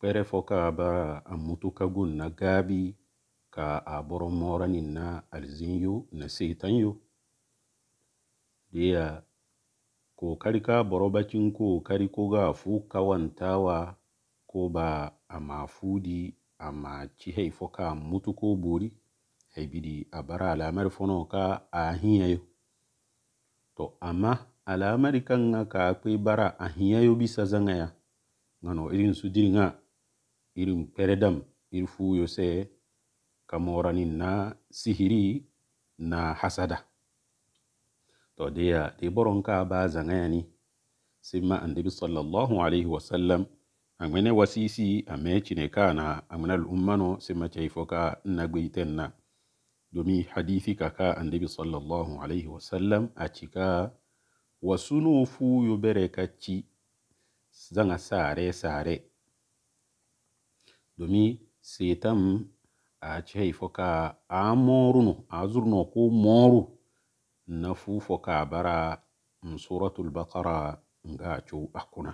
kpɛrɛ fɔ ka ba a mutukagun na gabi ka a bɔrɔ ni na alzinyo na seitanyo diya kokari ka bɔrɔ bacin kokari ko ga fu kawantawa ko ba a ma fudi a ma ci hei ka mutu ko bori hei bidi a bara alamari fɔnɔ ka a hiyayo to amma alamari kan ka kwe bara a hiyayo bisa zanga ya ngano irin su diri nga irin peredam irfu yose kamoranin na sihiri na hasada to deya de boron ka ba zangayani simma annabi sallallahu alaihi wasallam amene wasisi ame chineka na amene ummano simma chaifoka na gbeitenna domin hadithi kaka annabi sallallahu alaihi wasallam a cika wasunu fu zanga sare sare domin setan a cehei foka a no a zurno ko moru na fufa ka bara suratul bakara nga co akuna